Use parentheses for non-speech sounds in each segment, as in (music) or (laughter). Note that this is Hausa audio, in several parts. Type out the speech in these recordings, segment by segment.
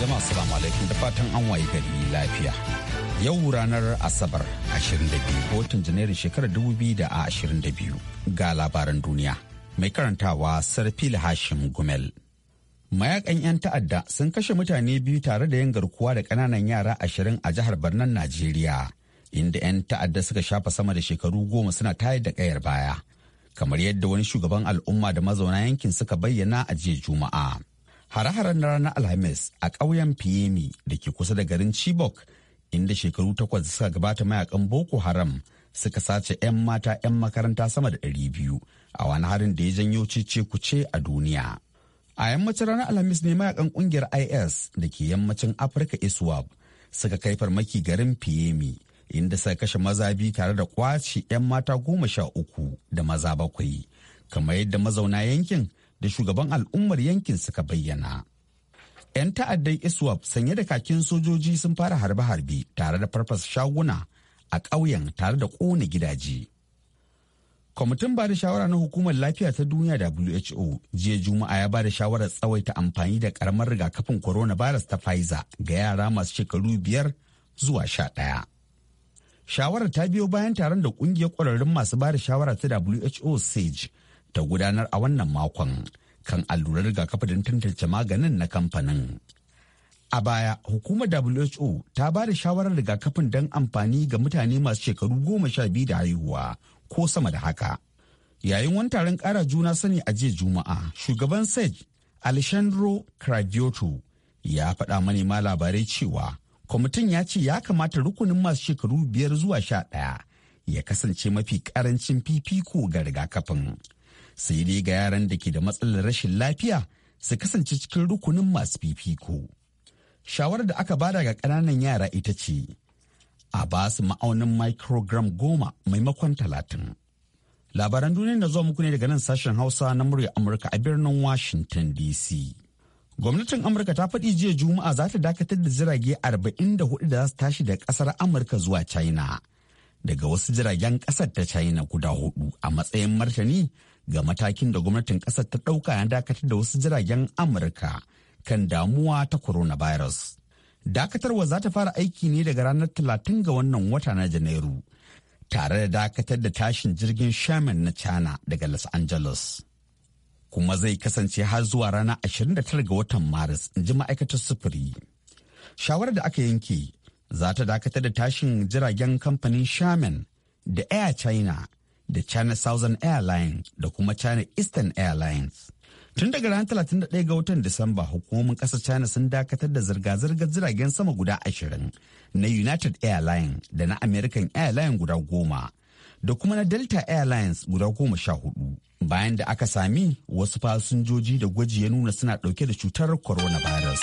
jama'a salamu alaikum da fatan an waye gari lafiya yau ranar asabar 22 watan janairun shekarar 2022 ga labaran duniya mai karantawa sarfil hashim gumel mayakan 'yan ta'adda sun kashe mutane biyu tare da yin garkuwa da kananan yara ashirin a jihar birnin najeriya inda 'yan ta'adda suka shafa sama da shekaru goma suna tayar da kayar baya kamar yadda wani shugaban al'umma da mazauna yankin suka bayyana a jiya juma'a hare-haren na ranar alhamis a ƙauyen fiyemi da ke kusa da garin chibok inda shekaru takwas suka gabata mayakan boko haram suka sace 'yan mata 'yan makaranta sama da ɗari biyu a wani harin da ya janyo cece kuce a duniya a yammacin ranar alhamis ne mayakan kungiyar is da ke yammacin afirka iswab suka kai farmaki garin fiyemi inda suka kashe maza biyu tare da kwaci 'yan mata goma sha uku da maza bakwai kamar yadda mazauna yankin da shugaban al'ummar yankin suka bayyana. 'Yan ta'addan ISWAP sanye da kakin sojoji sun fara harbe-harbe tare da farfasa shaguna a ƙauyen tare da ƙone gidaje. Kwamitin ba da shawara na Hukumar Lafiya ta Duniya WHO jiya Juma'a ya ba da shawarar tsawaita amfani da karamar rigakafin coronavirus ta Pfizer ga yara masu shekaru biyar zuwa sha ɗaya. Shawarar ta biyo bayan taron da ƙungiyar ƙwararrun masu ba da shawara ta WHO SAGE ta gudanar a wannan makon kan allurar rigakafi don tantance maganin na kamfanin. A baya, hukumar WHO ta ba da shawarar rigakafin don amfani ga mutane masu shekaru goma sha biyu da haihuwa ko sama da haka. Yayin wani taron ƙara juna sani a jiya Juma'a, shugaban SAGE Alessandro Cravioto ya faɗa manema labarai cewa kwamitin ya ce ya kamata rukunin masu shekaru biyar zuwa sha ɗaya ya kasance mafi ƙarancin fifiko ga rigakafin. sai dai ga yaran da ke da matsalar rashin lafiya su kasance cikin rukunin masu fifiko. Shawarar da aka bada ga ƙananan yara ita ce, a ba su ma'aunin microgram goma maimakon talatin. Labaran duniya da zuwa muku ne daga nan sashen Hausa na murya Amurka a birnin Washington DC. Gwamnatin Amurka ta faɗi jiya Juma'a za ta dakatar da jirage arba'in da hudu za su tashi daga ƙasar Amurka zuwa China. Daga wasu jiragen ƙasar ta China guda hudu a matsayin martani ga matakin da gwamnatin ƙasar ta ɗauka ya dakatar da wasu jiragen Amurka kan damuwa ta coronavirus. Dakatarwa za ta fara aiki ne daga ranar talatin ga wannan wata na Janairu, tare da dakatar da tashin jirgin Shaman na China daga Los Angeles. Kuma zai kasance har zuwa ranar 29 ga watan Maris, in ji ma'aikatar sufuri. Shawarar da aka yanke za ta dakatar da tashin jiragen kamfanin Shaman da Air China da China Southern Airlines da kuma China Eastern Airlines. Tun daga ranar 31 ga watan Disamba hukumomin ƙasar China sun dakatar da zirga-zirgar jiragen sama guda ashirin na United Airlines da na American Airlines guda goma da kuma na Delta Airlines guda goma sha hudu. Bayan da aka sami wasu fasinjoji da gwaji ya nuna suna ɗauke da cutar coronavirus.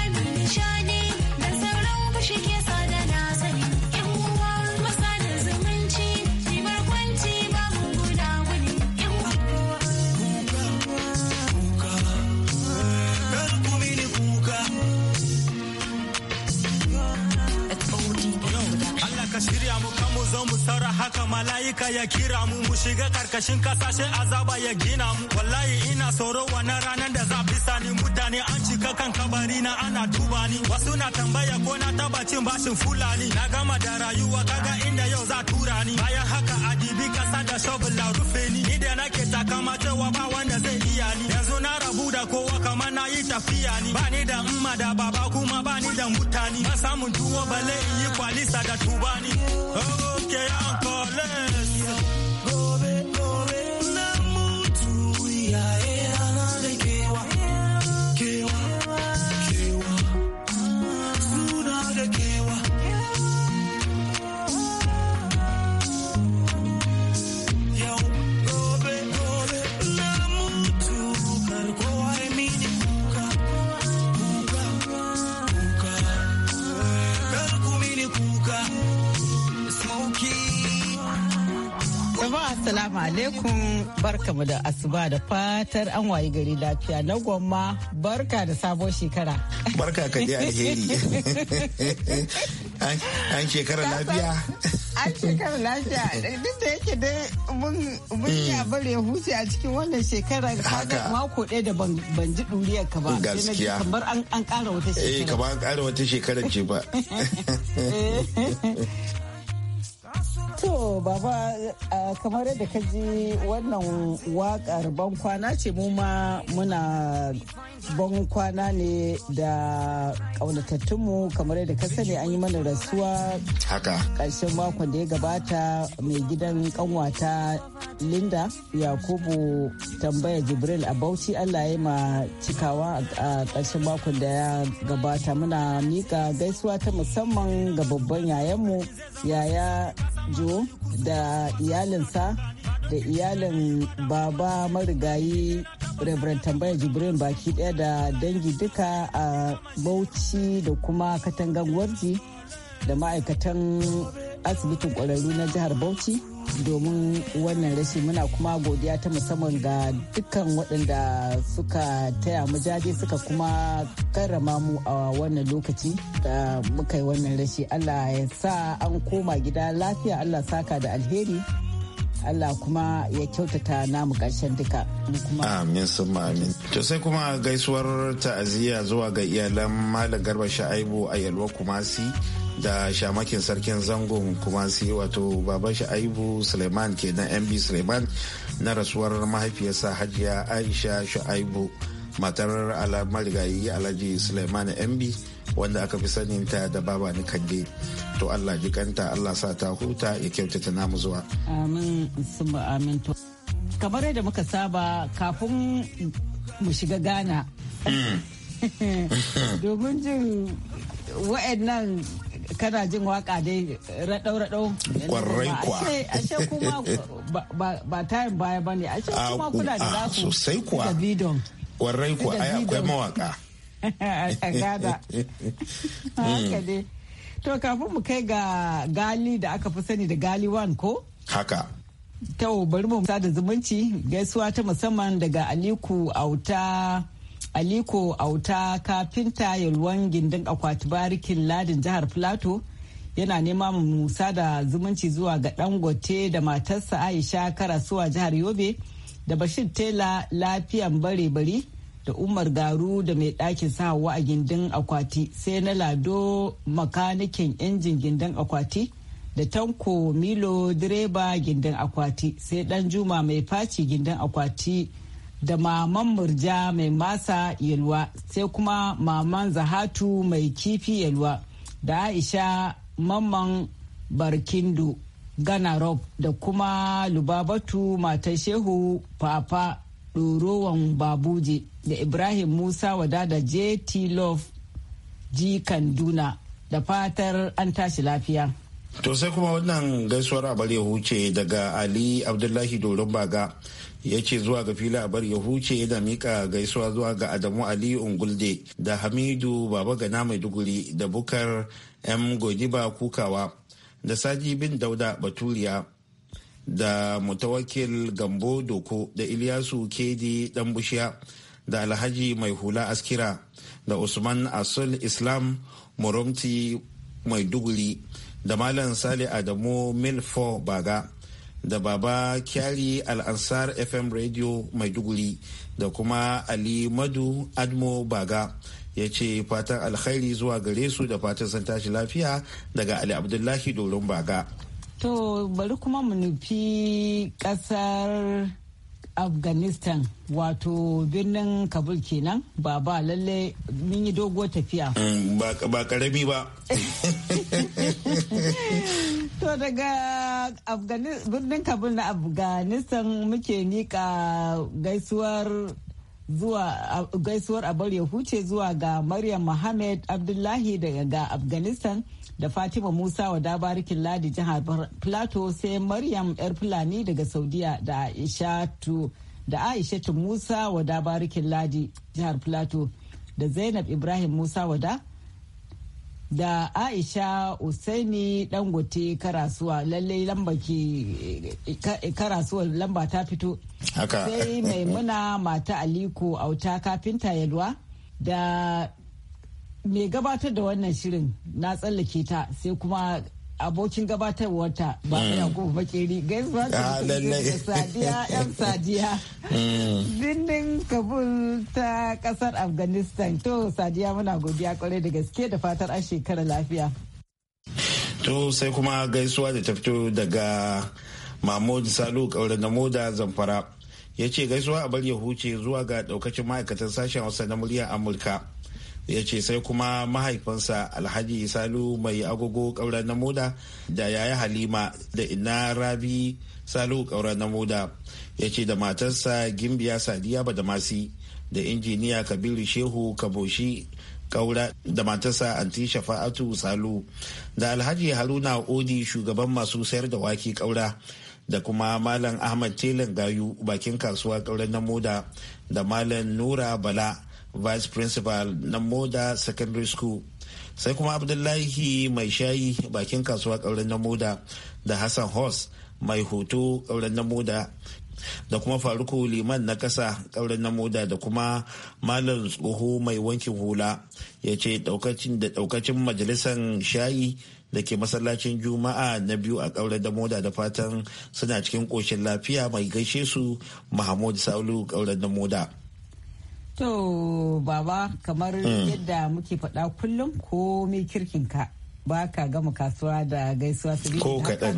Amerika ya kira mu mu shiga karkashin kasashe azaba ya gina mu wallahi ina tsoro wannan ranar da za bisa ni mutane an cika kan kabari na ana tuba ni wasu na tambaya ko na taba cin bashin fulani na gama da rayuwa kaga inda yau za tura ni bayan haka a dibi kasa da shovel la rufe ni ni da nake takama cewa ba wanda zai iya ni yanzu na rabu da kowa kamar na yi tafiya ni ba ni da umma da baba idan mutane ba samun tuwo bale in yi kwalisa da tubani okay alaikum mu da asuba da fatar an wayi gari lafiya na gwamma barka da sabon shekara. Barka ka je alheri. An shekara lafiya. An shekara lafiya duk da yake dai mun hmm. ya bare huce a cikin wannan shekara kaga mako ɗaya da ban ji ɗuriyar ka ba. Gaskiya. Eh, kamar an ƙara wata shekara. Eh kamar an ƙara wata shekara ce ba. (laughs) Eh. (laughs) To baba kamar yadda ka ji wannan wakar ban kwana ce mu ma muna ban kwana ne da kaunatattunmu kamar yadda ka sani an yi mana rasuwa haka ƙarshen makon da ya gabata mai gidan kanwata Linda Yakubu tambaya Jibril a Bauchi Allah ya ma cikawa a ƙarshen makon da ya gabata muna mika gaisuwa ta musamman ga babban yayanmu yaya Jo da iyalinsa da iyalin baba marigayi Reverend tambaya Jibrin baki daya da dangi duka a Bauchi da kuma katangan warji da ma'aikatan asibitin kwararru na jihar Bauchi domin wannan rashi muna kuma godiya ta musamman ga dukkan waɗanda suka taya mu jaje suka kuma karrama mu a wannan lokaci da muka yi wannan rashi allah ya sa an koma gida lafiya allah saka da alheri Allah kuma ya kyautata namu ƙarshen duka. Amin summa amin. To sai kuma gaisuwar ta'aziyya zuwa ga iyalan Malam Garba Sha'aibu a Yalwa Kumasi. da shamakin sarkin zangon kumasi wato baban shaaibu suleiman ke kenan mb suleiman na rasuwar mahaifiyarsa hajiya aisha shu'aibu matar marigayi alhaji suleiman mb wanda aka fi ta da baba ni to allah jikanta allah sa ta huta ya kyautata namu zuwa amin to kamar yadda muka saba kafin mu shiga gana. Hmm. (laughs) domin jin wa'annan kana jin waka dai eh, raɗau-raɗau. Kwarai kwa. Ashe kuma (laughs) ba tayin baya ba ne, ashe ah, kuma kuna da nasu. Ah, sosai kuwa. Kwarai kuwa, ai akwai mawaka. A (laughs) gada. (laughs) Haka hmm. dai. To kafin mu kai ga gali da aka fi sani da gali one ko? Haka. Tau bari mu sada zumunci gaisuwa ta musamman daga Aliku Auta. aliko auta kafinta yalwan gindin akwati barikin ladin jihar Filato yana nema musa da zumunci zuwa ga dangote da matarsa aisha karasuwa jihar yobe da bashir tela lafiyan bare bari da umar garu da mai ɗakin sahawa a gindin akwati sai na lado makanikin injin gindin akwati da tanko milo direba gindin akwati sai dan juma mai faci gindin akwati da maman murja mai masa yalwa sai kuma maman zahatu mai kifi yalwa da aisha mamman barkindo ganarob da kuma lubabatu matan shehu papa ɗorowan babuje da ibrahim musa wada da jt love ji kanduna da fatar an tashi lafiya. To sai kuma wannan gaisuwar a bar huce daga Ali Abdullahi Doron Baga ya ce zuwa ga fila a bar huce yana mika gaisuwa zuwa ga Adamu Ali Ungulde da Hamidu Baba Gana Maiduguri da Bukar M Godiba Kukawa da Saji bin Dauda Baturiya da Mutawakil Gambo Doko da Iliyasu Kedi bushiya da Alhaji Mai Hula Askira da Usman Asul Islam Muromti Maiduguri. da malam sale adamu milfo baga da baba kyari al'ansar fm radio maiduguri da kuma ali madu admo baga ya ce fatan alkhairi zuwa gare su da fatan sun tashi lafiya daga ali abdullahi doron baga to bari kuma mu nufi kasar afghanistan wato birnin kabul kenan ba ba lalle mun yi dogo tafiya mm, ba karami ba (laughs) to daga birnin kabul na afghanistan muke nika gaisuwar zuwa gaisuwar abar ya huce zuwa ga maryam mohammed abdullahi daga afghanistan da fatima musa wa dabarikin ladi jihar plateau sai maryam yar fulani daga saudiya da aishatu da aishatu musa wa dabarikin ladi jihar plateau da zainab ibrahim musa wada da aisha usaini dangote karasuwa lallai lamba ke karasuwa lamba ta fito sai maimuna mata aliko auta kafinta yalwa da mai gabatar da wannan shirin na tsallake ta sai kuma abokin ta ba ya mm. gobe bakeri gaisuwa ta ah, sadiya yan sadiya dindin mm. kabul ta kasar afghanistan to sadiya muna godiya kwarai da gaske da fatar an shekara lafiya to sai kuma gaisuwa da ta fito daga mahmud salu kauran na moda zamfara ya ce gaisuwa a bar ya huce zuwa ga daukacin ma'aikatan sashen wasa na muryar amurka ya ce sai kuma mahaifinsa alhaji salu mai agogo ƙauren na moda da yaya halima da ina rabi salu ƙauren na moda ya ce da matarsa gimbiya sadiya badamasi da injiniya kabiru shehu kaboshi kaura da matarsa anti shafa'atu salu da alhaji haruna odi shugaban masu sayar da wake kaura da kuma malam ahmad telan gayu bakin kasuwa kauren na moda da malam nura bala vice principal na moda secondary school sai kuma abdullahi mai shayi bakin kasuwa ƙauren na moda da hassan hos mai hoto kauren na moda da kuma faruku liman na kasa kauren na moda da kuma malam tsoho mai wankin hula ya ce da daukacin majalisar shayi da ke masallacin juma'a na biyu a ƙauren da moda da fatan suna cikin ƙoshin lafiya mai gaishe su mahmud saulu ƙauren da moda To baba kamar mm. yadda muke faɗa kullum ko mai kirkinka ba ka gama kasuwa da gaisuwa su Ko kaɗan.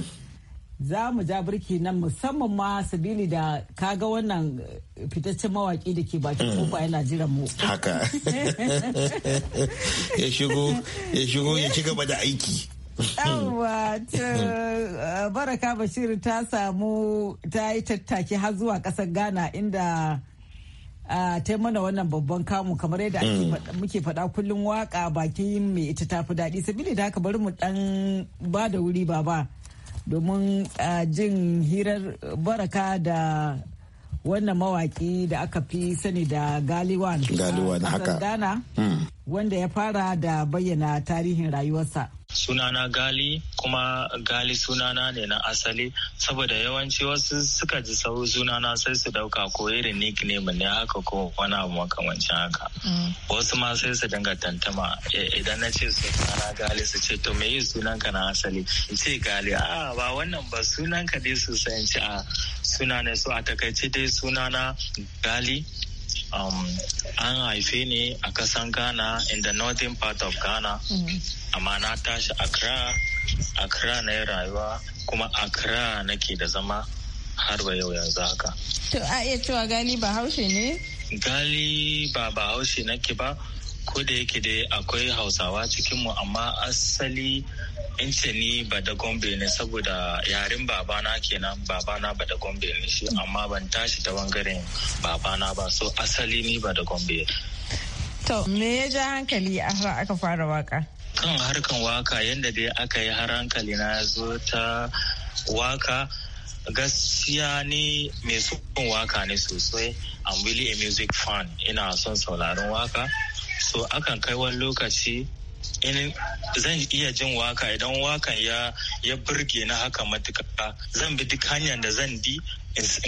Za mu ja birki nan musamman ma sabili da kaga wannan eh, fitaccen mawaki da ke bakin mm. kofa yana jiran mu. Haka. (laughs) Ya shigo ya shigo ya ci gaba da aiki. Yawwa mm. eh, Baraka Bashir ta samu ta yi tattaki har zuwa ƙasar Ghana inda ta mana wannan babban kamu kamar yadda mm. muke faɗa kullum waka baki mai ita ta fi daɗi sabili da haka bari mu ɗan ba da wuri baba domin jin hirar baraka da wannan mawaki da aka fi sani da galiwan galiwan haka mm. wanda ya fara da bayyana tarihin rayuwarsa sunana gali kuma gali sunana ne na asali saboda yawanci wasu suka ji sau sunana sai su dauka ko irin nickname ne haka ko wani abu makamancin haka mm. wasu ma sai su dinga tantama e, idan na ce sunana gali su ce to me yi sunanka na asali ce gali a ah, ba wannan ba sunanka dai su a ah, sunana su a takaice dai sunana gali um, an haife ni a kasan ghana in the northern part of ghana mm-hmm. amma na tashi accra accra na rayuwa kuma accra nake da zama har ba yau yanzu haka to a iya cewa gali ba haushe ne gali ba ba haushe nake ba ko da yake dai akwai hausawa cikinmu amma asali in ce ni ba da gombe ne saboda yaren babana kenan babana ba da gombe ne shi amma ban tashi ta bangaren babana ba so asali ni ba da gombe to me ya ja hankali a aka fara waka kan harkan waka yadda dai aka yi har hankali na zo ta waka gaskiya ni mai son waka ne sosai i'm really a music fan ina son sauraron waka so akan kai wani lokaci in zan iya jin waka idan wakan ya ya burge na haka matuƙa zan bi duk hanyar da zan bi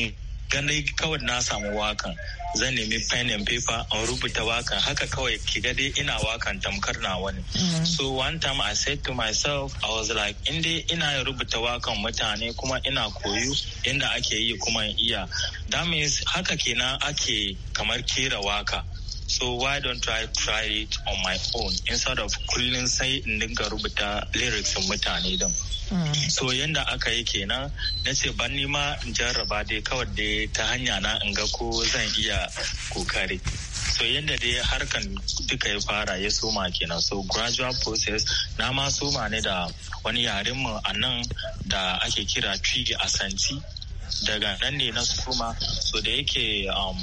in ganai kawai na samu wakan zan nemi pen and paper an rubuta wakan haka kawai ki ga dai ina wakan tamkar na wani mm-hmm. so one time i said to myself i was like in dai ina rubuta wakan mutane kuma ina koyo inda ake yi kuma iya that means haka kenan ake kamar kera waka so why don't I try it on my own instead of kullum sai in dinga rubuta lyrics mutane din so yanda aka yi kenan na ce ban nima in jarraba dai kawai dai ta hanya na in ga ko zan iya kokari so yanda dai harkan duka ya fara ya soma kenan so gradual process na ma soma ne da wani yaren mu a nan da ake kira tree asanti daga nan ne na suma so da yake um,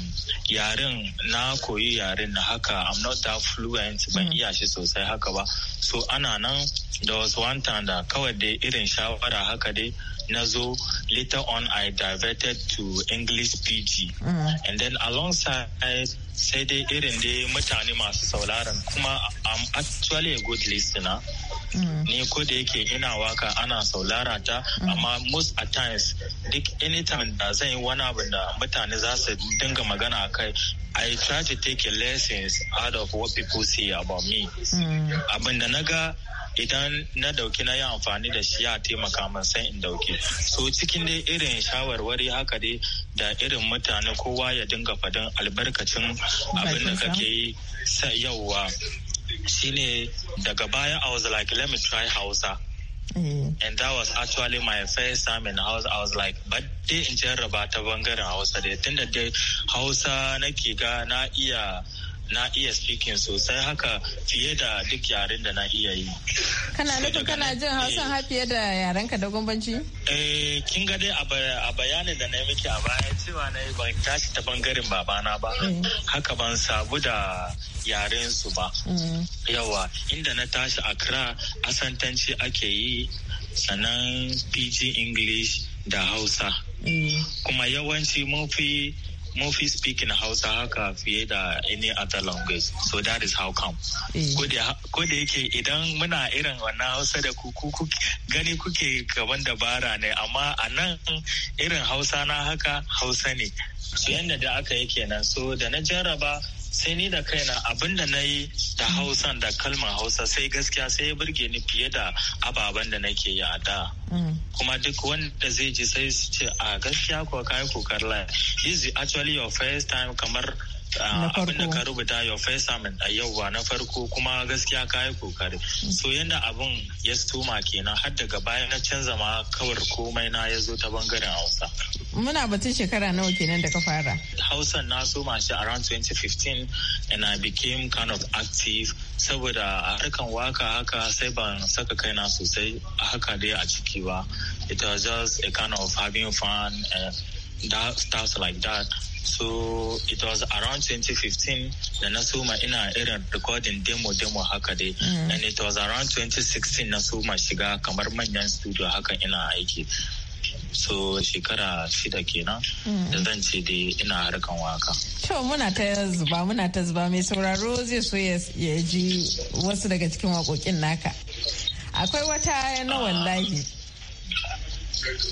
yaren na koyi yaren na haka i'm not that fluent ban mm. iya shi sosai haka ba so ana nan da wasu wanta da kawai dai irin shawara haka dai na zo later on i diverted to english pg mm -hmm. and then alongside sai dai irin dai mutane masu sauraron kuma i'm actually a good listener mm. ni ko da yake ina waka ana saulara ta mm. amma most at times duk anytime da zan yi wani abu da mutane za su dinga magana a kai i try to take lessons out of what people say about me mm. abin da naga idan na dauki na yi amfani da shi ya taimaka min san in dauki so cikin dai irin shawarwari haka dai da irin mutane kowa ya dinga faɗin albarkacin abin da kake yi yauwa shine daga baya I was like let me try Hausa eh. And that was actually my first time in house. I was like, but dai in jarraba ta bangaren Hausa dai tunda dai Hausa nake ga na iya na iya speaking sosai haka fiye da duk yaren da na iya yi. Kana nufin kana jin hausan eh. ha fiye da yaren ka da gumbanci? Eh, kin ga dai a bayanin da na yi miki a baya cewa na yi ban tashi ta bangaren babana ba. Mm. Haka ban sabu da yaren su ba. Mm. Yawa, inda na tashi a Accra asantanci ake yi sannan PG English da Hausa. Mm. Kuma yawanci mun mun fi speaking hausa haka fiye da any other language so that is how come eh. ko da yake idan muna irin wannan hausa da ku gani kuke gaban dabara ne amma a nan irin hausa na haka hausa ne su yadda da aka yake nan so da na jarraba sai ni da kaina abin da na yi da hausa da kalmar hausa sai gaskiya sai ya burge ni fiye da ababen da nake yi a da mm. kuma duk wanda zai ji sai su ce a gaskiya ko kai kokar is actually your first time kamar Ah, abinda ka rubuta your first assignment a yau ba na farko kuma gaskiya ka yi kokari so yadda abin ya stoma kenan har daga baya na canza ma kawar komai na ya zo ta bangaren hausa muna batun shekara nawa kenan da ka fara hausa na soma shi around 2015 and i became kind of active saboda a harkan waka haka sai ban saka kaina sosai a haka dai a ciki ba it was just a kind of having fun and that, stuff like that so it was around 2015 da na suma ina irin recording demo demo haka dai mm. and it was around 2016 na suma shiga kamar manyan studio haka ina aiki so shekara shida kenan mm. da zan ce dai ina harkan waka. To muna ta zuba muna ta zuba mai sauraro zai so ya ji wasu daga cikin waƙoƙin naka. Akwai wata na wallahi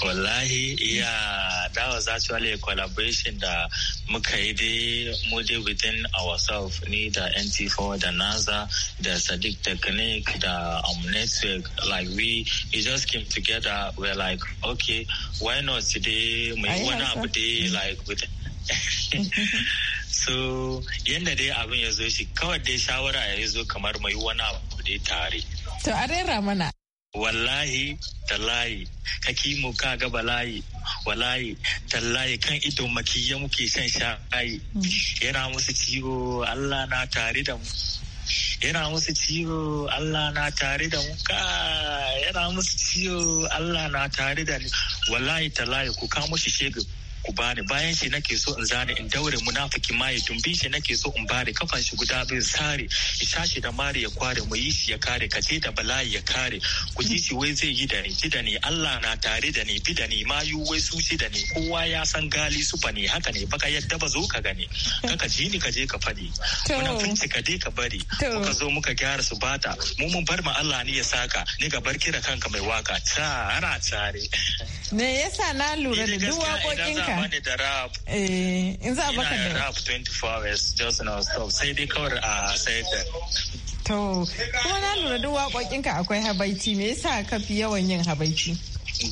wallahi yeah that was actually a collaboration da muka yi dai mu dai within ourselves ni da nt4 da nasa da sadiq technique da um, network like we it just came together we we're like okay why not today mu yi wani abu dai mm. like with (laughs) so yadda dai abin ya zo shi kawai dai shawara ya zo kamar mai wani abu dai tare to a rera mana wallahi tallahi hakimu ka ga balayi wallahi tallahi kan ido makiya muke shan sha'ayi hmm. yana musu ciwo Allah na tare da mu yana musu ciwo Allah na tare da mu ka yana musu ciwo Allah na tare da ni wallahi tallahi ku ka mushi shegu ku bani bayan shi nake so in zane in daure munafiki ma ya dumbi shi nake so in bari kafan shi guda biyu sare ya shashi da mari ya kware mu yi shi ya kare ka da balayi ya kare ku ji shi wai zai yi da ni ji da ni Allah na tare da ni bi da ni ma yu wai su shi da ni kowa ya san gali su fani haka ne baka yadda ba zo ka gani kaka ji ni ka je ka fadi munafunci ka je ka bari muka zo muka gyara su bata mu mun bar ma Allah ne ya saka ni ga bar kanka mai waka ta ana tare me yasa na lura da duk waƙoƙin baka da rap eh in za a baka da rap 24 hours just non stop sai dai kawai a ah, sai da to kuma na lura duk ka akwai habaici me yasa ka fi yawan yin habaici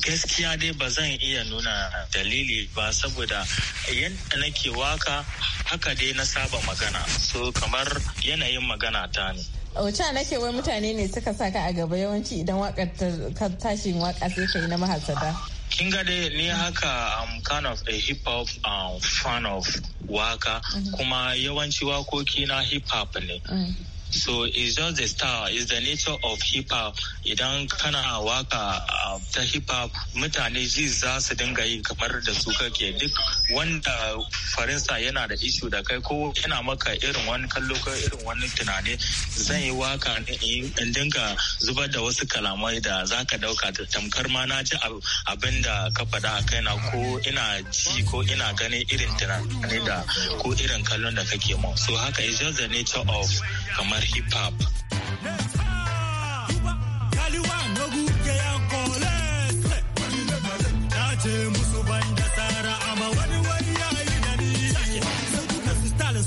gaskiya dai ba zan iya nuna dalili ba saboda yadda nake waka haka dai na saba magana so kamar yanayin magana ta ne Ocha nake wai mutane ne suka saka a gaba yawanci idan wakar tashin waka sai ka yi na mahasada. kin ga dai ni haka am kind of a hip hop um, fan of waka mm -hmm. kuma yawanci wakoki na hip hop ne mm -hmm. so it's just the style it's the nature of hip hop idan kana waka ah, ta hip hop mutane ji za su dinga yi kamar da su kake duk wanda faransa yana da ishu da kai ko yana maka irin wani kallo ko irin wani tunani zan yi waka in dinga zubar da wasu kalamai da za ka da tamkar ma na ji abin da ka faɗa a kaina ko ina ji ko ina gani irin tunani da ko irin kallon da kake mu so haka it's just the nature of kamar waƙar hip hop.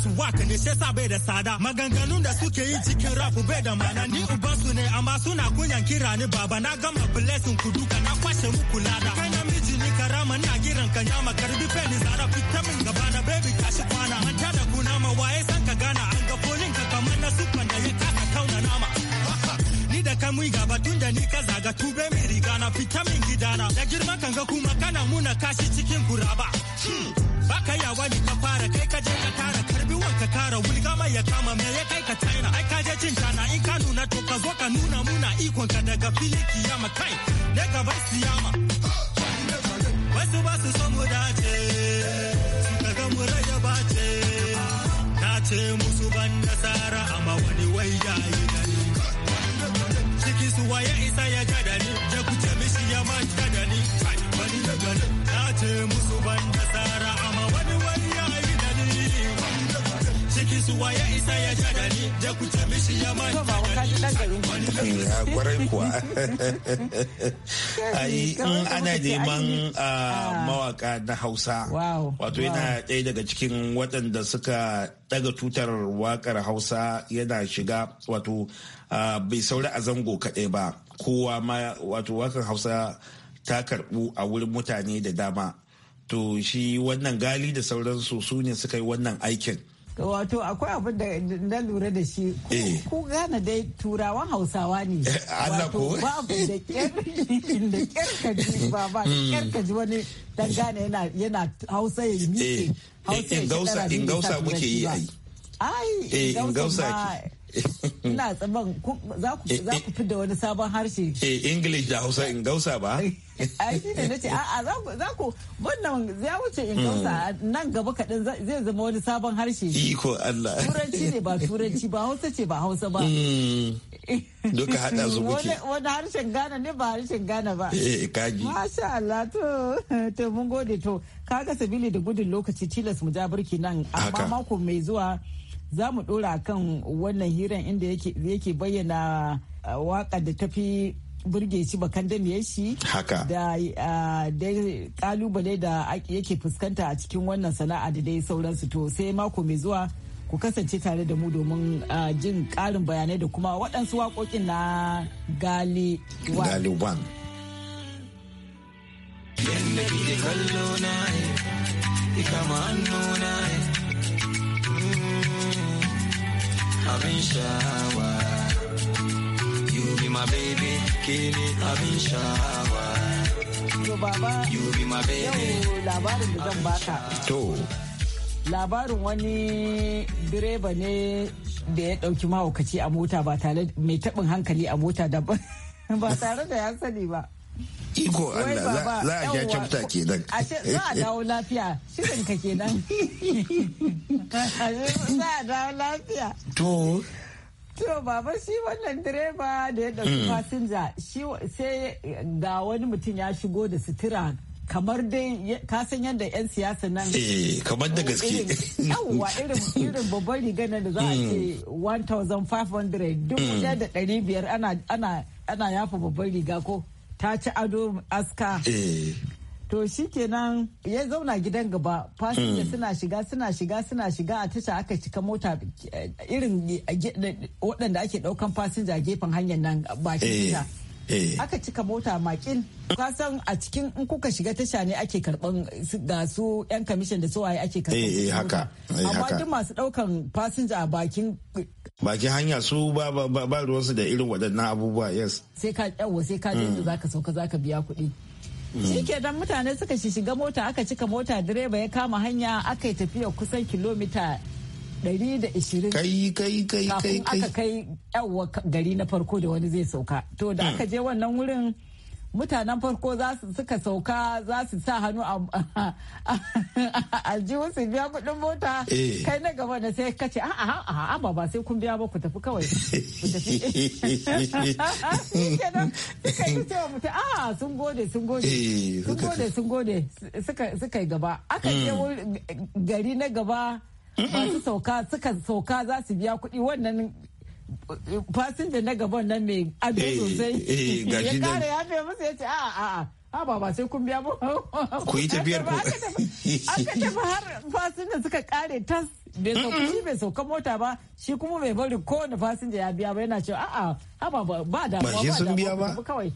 su waka ne shesa bai da tsada maganganun da suke yi cikin rafu bai da mana ni uban su ne amma suna kunyan kira ni baba na gama blessing ku duka na kwashe muku lada kai miji ni karama na giran ka makarbi karbi ni zara fita kamui gaba tun da ni ka zaga tube mai riga na fita min gidana da girma kan ga kuma kana muna kashi cikin kuraba hmm. baka ya wani ka fara kai ka je ka tara karbi wanka kara wulga mai ya kama me ya kai ka taina ai ka je cin tana in ka nuna to ka zo ka nuna muna ikon ka daga fili kiyama kai na gaban siyama wasu ba su so mu dace suka ga mu ba ce na ce musu ban nasara amma wani wai yayi mutuwa ya isa ya jada ni da ku ta mishi ya ma ba ka ji dan garin (laughs) ya kwarai kuwa (laughs) ai in ana neman ah, ah. mawaka na Hausa wato yana ɗaya daga cikin waɗanda suka daga tutar wakar Hausa yana shiga wato ah, bai saura a zango kaɗai ba kowa ma wato wakar Hausa ta karɓu a wurin mutane da dama to shi wannan gali da sauransu su ne suka yi wannan aikin wato akwai abin da na lura da shi ku eh. gane dai turawan hausawa ne eh, wato babu da kyan (laughs) da kyarkaji ba ba da kyarkaji hmm. wani dan gane yana hausa ya miƙe eh, hausa ya gausa muke ba ai ingausa ki. ina tsaban za ku eh, eh. fi da wani sabon harshe eh english da hausa in gausa ba a (laughs) shi ne na ce a'a za ku wannan ya wuce in gausa hmm. nan gaba kaɗan zai zama wani sabon harshe iko allah turanci ne ba (laughs) turanci ba hausa ce ba hausa ba hmm. duka hada su kuke wani harshen gana ne ba harshen gana ba eh kaji masha allah to to mun gode to kaga sabili da gudun lokaci tilas mu ja birki nan amma mako mai zuwa za mu dora kan wannan hiran inda yake bayyana waka da tafi burge shi bakan da shi da dai kalubale da yake fuskanta a cikin wannan sana'a da dai sauransu to sai mako mai zuwa ku kasance tare da mu domin jin karin bayanai da kuma waɗansu waƙoƙin na gali wan kallo na, eh, hannu na, eh. abin sha'awa you be my baby kini abin sha'awa to baba you be my baby labarin da zan baka to labarin wani direba ne da ya dauki mahaukaci a mota ba tare mai tabin hankali a mota daban (laughs) ba tare da ya sani ba ko Allah za a sha kyauta nan. A ce za a dawo lafiya shirin ka ke nan (laughs) Za a dawo lafiya. To. To baba shi wannan direba da ya ɗauki hmm. fasinja shi sai ga wani mutum ya shigo da sutura kamar dai san yadda 'yan siyasa nan eh kamar da gaske yawwa irin irin babban nan da za a hmm. ce 1500 dubu hmm. da ɗari biyar ana ana ana yafa babban riga ko ta ci ado aska eh. to shi kenan ya zauna gidan gaba fasinja mm. suna shiga suna shiga suna shiga a tasha aka cika mota eh, irin eh, waɗanda ake ɗaukan fasinja gefen hanyar nan bakin Eh. aka cika mota Ka kasan a cikin in kuka shiga tasha ne ake karban ga su yan kamishin da suwaye ake karban eh, eh haka eh, amma duk masu daukan fasinja a bakin bakin hanya su ba ba ba su da irin waɗannan abubuwa yes sai ka yawo sai ka je mm. zaka sauka zaka biya kuɗi mm. shi dan mutane suka shiga mota aka cika mota direba ya kama hanya aka yi tafiya kusan kilomita 120 kai kai kai kai kai aka kai yawa gari na farko da wani zai sauka to da aka je wannan wurin mutanen farko za su suka sauka za su sa hannu a (laughs) aljihun su biya kudin mota eh. kai na gaba da sai kace a a a ba ba sai kun biya ba ku tafi kawai ku tafi (laughs) (laughs) suka yi cewa mutum a sun gode sun gode eh, sun gode sun gode suka yi gaba aka je hmm. gari na gaba masu sauka suka sauka za su biya kuɗi wannan eh, fasinja na gaban nan mai abin eh, sosai eh, ya kare ya musu ya ce a'a a'a haba ba sai kun biya ba (laughs) ku yi tafiyar ku aka tafi har fasinja suka kare tas bai sauka shi bai sauka mota ba shi kuma bai bari kowane fasinja ya biya ba yana cewa a'a haba ba damuwa mm. ba damuwa ku tafi kawai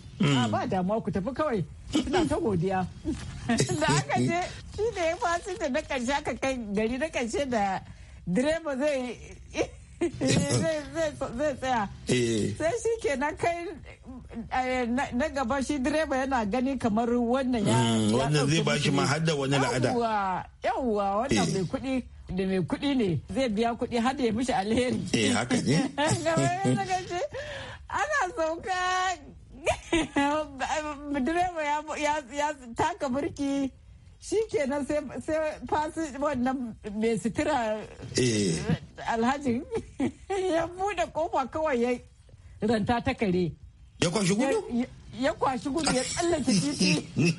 ba damuwa ku tafi kawai suna ta godiya (laughs) da aka je (laughs) shi da ya fasinja na karshe aka kai gari na karshe da direba zai zai eh, tsaya eh, eh. sai shi ke na kai na gaba shi direba yana gani kamar wannan ya mm, wannan zai ba shi mahadda wani la'ada yawwa wannan mai kuɗi da mai kuɗi ne zai biya kuɗi har ya mishi alheri eh haka ne (laughs) ana sauka (laughs) direba ya taka birki shi kenan sai fasi wannan mai sutura eh. alhajin (laughs) ya bude kofa kawai ya ranta ta kare ya kwashi gudu ya kwashi gudu ya tsallake titi (laughs)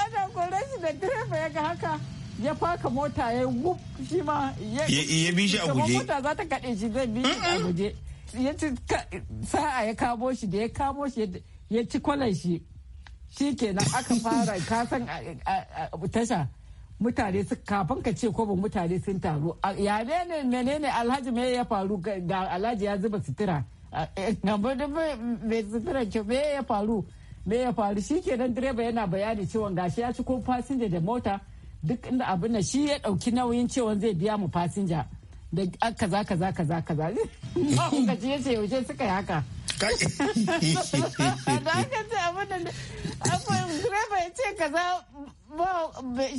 ana kore shi da direba ya ga haka ya faka mota ya wuf shi ma ya bi shi a guje mota za ta kaɗe shi zai bi shi a guje ya ci sa'a ya kamo shi da ya kamo shi ya ci kwalan shi shi kenan aka fara kasan tasha mutane su kafin ka ce kwabin mutane sun taru ya ne menene alhaji me ya faru ga alhaji ya zuba sutura eh, mai sutura ke me ya faru me ya faru shi kenan direba yana bayani cewa gashi ya ci ko fasinja da mota duk inda abin da shi ya dauki nauyin cewa zai biya mu fasinja da kaza kaza kaza kaza (laughs) ba ku gaji yace yaushe suka yi haka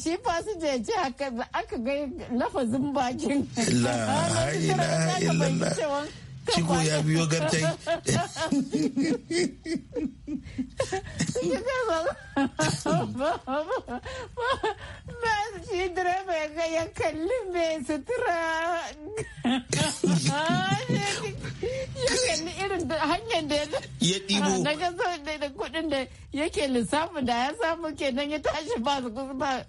shi fasinja ya ce haka aka ga lafazin bakin. La ilaha illallah. Ciko ya biyo gantai. shi direba ya ga ya kalli mai sutura. (laughs) Ya kalli irin hanyar da ya ɗibo. Ah, da kudin da yake lissafin da ya samu ke nan ya tashi ba su ba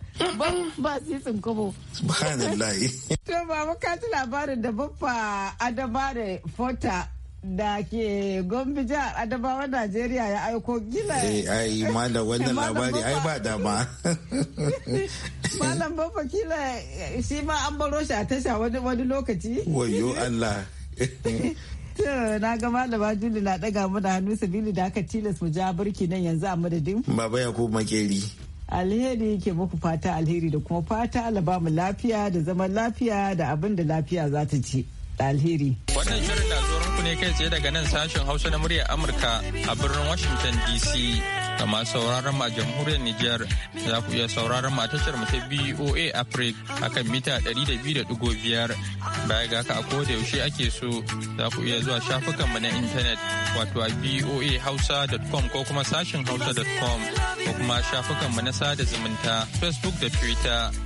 ba sisin kobo. Subhanallah. (laughs) To ba ka ji labarin da baffa Adaba da Fota da ke gombe jihar adamawa najeriya ya aiko gila eh, ai malam wannan labari ai ba dama (laughs) malam bafa kila shi ma an baro shi a tasha wani lokaci wayo allah (laughs) na ga malama juli na daga da hannu sabili da aka tilas mu ja burki nan yanzu a madadin baba ya ko makeri alheri ke muku fata alheri da kuma fata alaba mu lafiya da zaman lafiya da abin da lafiya za ta ci alheri wannan shirin da ne kai tsaye daga nan sashen Hausa na muryar Amurka a birnin Washington DC. Ga masu sauraron ma jamhuriyar Nijar za ku iya sauraron ma tashar ta BOA Africa akan mita 200.5 baya ga haka a koda yaushe ake so za ku iya zuwa shafukan mu na intanet wato a BOA hausa.com ko kuma sashen hausa.com ko kuma shafukan mu na sada zumunta Facebook da Twitter.